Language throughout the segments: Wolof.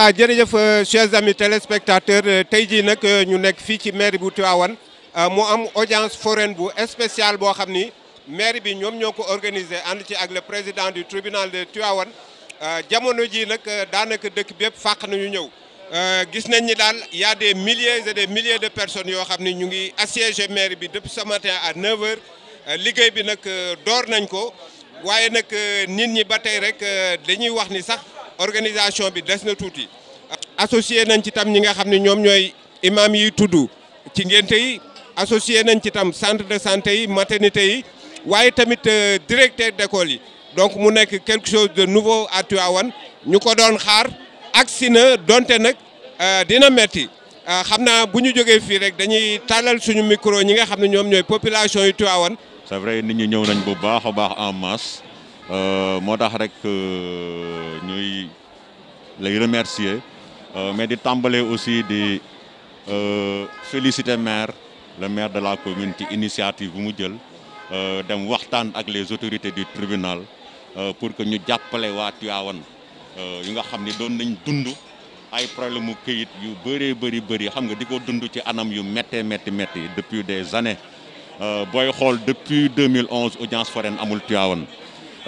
voilà jërëjëf euh, chers amis téléspectateurs euh, tey jii nag euh, ñu nek fi ci maire bu Tivaouane mo am audience foraine bu spéciale bo xamni maire bi ñom ñoko organiser and ci ak le président du tribunal de Tivaouane jamono jii nag daanaka dëkk faq fàq nañu ñëw gis nañ ni dal y a des milliers et des milliers de personnes yo xamni ñu ngi assiéger maire bi depuis ce matin à 9h liggéey bi nak dor nañ ko waaye nak nit ñi batay rek dañuy wax ni sax. organisation bi des na tuuti. associé nañ ci tam ñi nga xam ne ñoom ñooy imam yi tudd ci ngénte yi associé nañ ci tam centre de santé yi maternité yi waaye tamit euh, directeur d'école yi donc mu nekk quelque chose de nouveau à Tivaouane ñu ko doon xaar agsi na donte nag euh, dina metti euh, xam naa bu ñu jógee fii rek dañuy tàllal suñu micro ñi nga xam ne ñoom ñooy population yu Tivaouane. c'est vrai nit ñi ñëw nañ bu baax a baax en masse moo tax rek. ñuy lay remercier euh, mais di tàmbale aussi di euh, féliciter maire le maire de la commune ci initiative bu mu jël euh, dem waxtaan ak les autorités du tribunal pour que ñu jàppale waa Tivaouane yi nga xam ni doon nañ dund ay problème mu këyit yu bëree bëri bëri xam nga di ko dund ci anam yu méttee métti métti depuis des années booy xool depuis 2011 audience foraine amul Tivaouane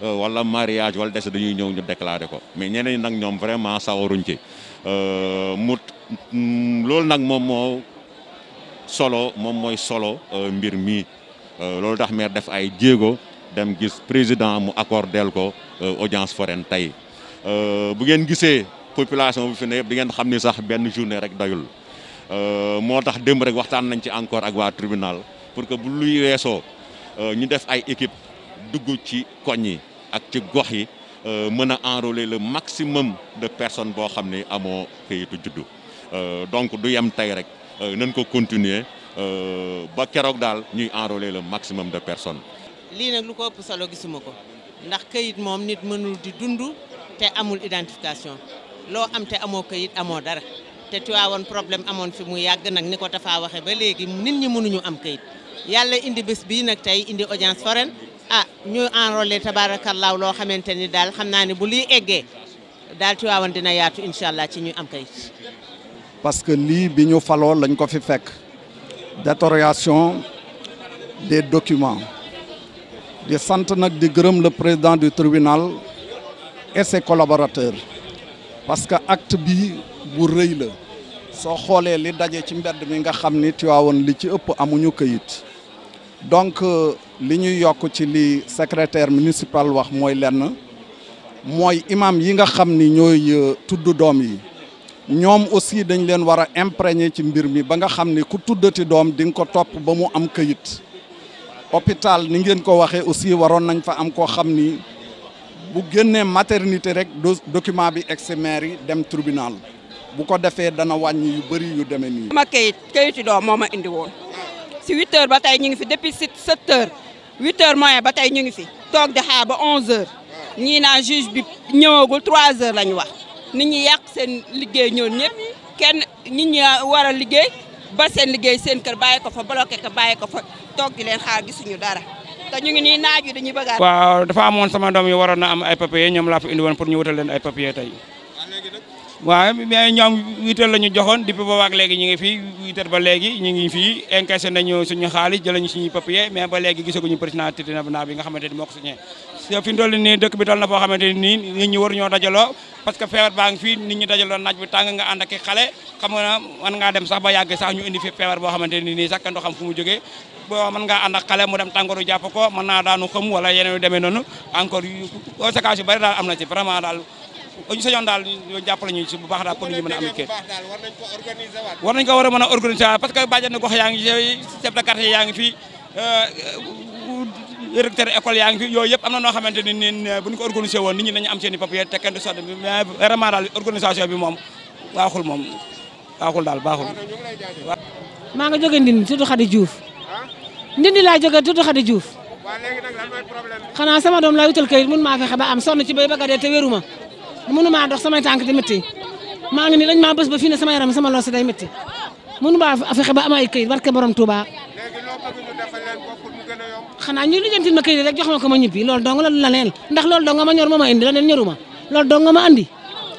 Eh, wala mariage wala dess dañuy ñew ñu déclarer ko mais ñeneen nak ñom ñoom vraiment sawaruñ ci eh, mu mm, lool nak mom mo solo mom moy solo eh, mbir mii lool tax maire def ay djégo dem gis président mu accordel ko audience foraine euh bu ngeen gisé population bu fi ne bi ngeen xamni sax ben journée rek doyul euh motax démb rek waxtaan nañ ci encore ak wa tribunal pour que bu luy wesso ñu def ay équipe duggu ci koñ ak ci gox yi euh, mën a enrôler le maximum de personnes boo xam ni amoo kayitu juddu euh, donc du yem tey rek euh, nañ ko continuer ba keroog daal ñuy enrôler le maximum de personnes. lii nag lu ko ëpp solo gisuma ko ndax kayit moom nit mënul di dund te amul identification loo am te amoo kayit amoo dara te Tiwaawoon problème amoon fi mu yàgg nag ni ko Tafa waxee ba léegi nit ñi mënuñu am kayit yàlla indi bés bii nag tey indi audience foraine. a ah, ñu enrôlé tabaarakallaaw loo xamante ni daal xam naa ne bu lii eggee daal Tiwaawan dina yaatu incha allah ci ñu am kay parce que lii bi ñu faloo lañ ko fi fekk détérioration des document di sant nag di gërëm la président du tribunal et ses collaborateurs parce que acte bi bu rëy la soo xoolee li daje ci mbedd mi nga xam ni Tiwaawan li ci ëpp amuñu kayit donc euh, li ñuy yokk ci li secretaire municipal wax mooy lenn mooy imam yi nga xam ni ñooy euh, tudd doom yi ñoom aussi dañ leen war a imprégner ci mbir mi ba nga xam ni ku tuddati doom di nga ko topp ba mu am kayit hôpital ni ngeen ko waxee aussi waroon nañ fa am koo xam ni bu génnee maternité rek document bi egsi yi dem tribunal bu ko defee dana wàññi yu bëri yu demee nii. sama këyit këyitu doom moo ma indi woon. si ba tey ñu ngi fi depuis 7 heures 8 heures moins ba tey ñu ngi fi toog di xaar ba 11 heures ñii naa juge bi ñëwagul trois heures la ñu wax nit ñi yàq seen liggéey ñoon ñëpp kenn nit ñi war a liggéey ba seen liggéey seen kër bàyyi ko fa bloqué ko bàyyi ko fa toog di leen xaar gisuñu dara te ñu ngi ni naaj wi dañuy bëgg waaw dafa amoon sama doom yi waroon na am ay papier ñoom laa fi indi woon pour ñu wutal leen ay papier tey waaw mais ñoom huit heures la ñu joxoon depuis boobaak léegi ñu ngi fii huit heures ba léegi ñu ngi fii encaissé nañu suñu xaalis jëlañu suñuy papier mais ba léegi gisaguñu président titina bi nga xamante ni moo fi toll nii dëkk bi toll na foo xamante ni nit ñi waruñoo dajaloo parce que feebar baa ngi fii nit ñi dajaloo naaj bu tàng nga ànd ak xale xam nga mën ngaa dem sax ba yàgg sax ñu indi fi feebar boo xamante ni nii sax kenn du xam fu mu jógee boo mën ngaa ànd ak xale mu dem tàngooru jàpp ko mën naa daanu xëm wala yeneen yu demee noonu encore conséquences yu bari daal am na ci vraiment daal ñu sañoon daal ñu jàppale ñu ci bu baax daal pour ñu mën am kër war nañ ko war a organiser waat parce que bàjjen gox yaa ngi chef de quartier yaa ngi fi directeur école yaa fi yooyu yëpp am na noo ni nii ko organiser woon nit ñi nañu am seen papier te kenn du sotti mais vraiment daal organisation bi moom baaxul moom baaxul daal nga Diouf Diouf sama wutal kayit ba am sonn ci bay wéruma mënumaa dox samay tànk di métti maa ngi ni dañ maa bés ba fii ne sama yaram sama loos day métti a fexe ba am ay këyit barke borom Touba. xanaa ñu lijjanti ma këyit rek jox ma ko ma ñibbi loolu dong la la neen ndax loolu dong ma ñor moo ma indi la neen ñoruma loolu dong ma andi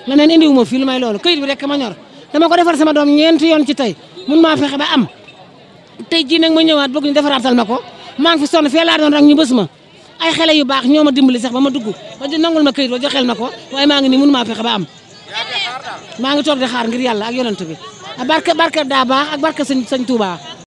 la neen indiwuma fii lu may loolu këyit bi rek ma ñor dama ko defar sama doom ñeenti yoon ci tey mënumaa fexe ba am tey jii nag ma ñëwaat bëgg ñu defaraatal ma ko maa ngi fi sonn fee laa doon ay xale yu baax ñoo ma dimbali sax ba ma dugg ba nangul ma këyit ba xel ma ko waaye maa ngi nii mënu maa fexe ba am maa ngi toog di xaar ngir yàlla ak yonent bi barke barke daa baax ak barke sëñ sëñ Touba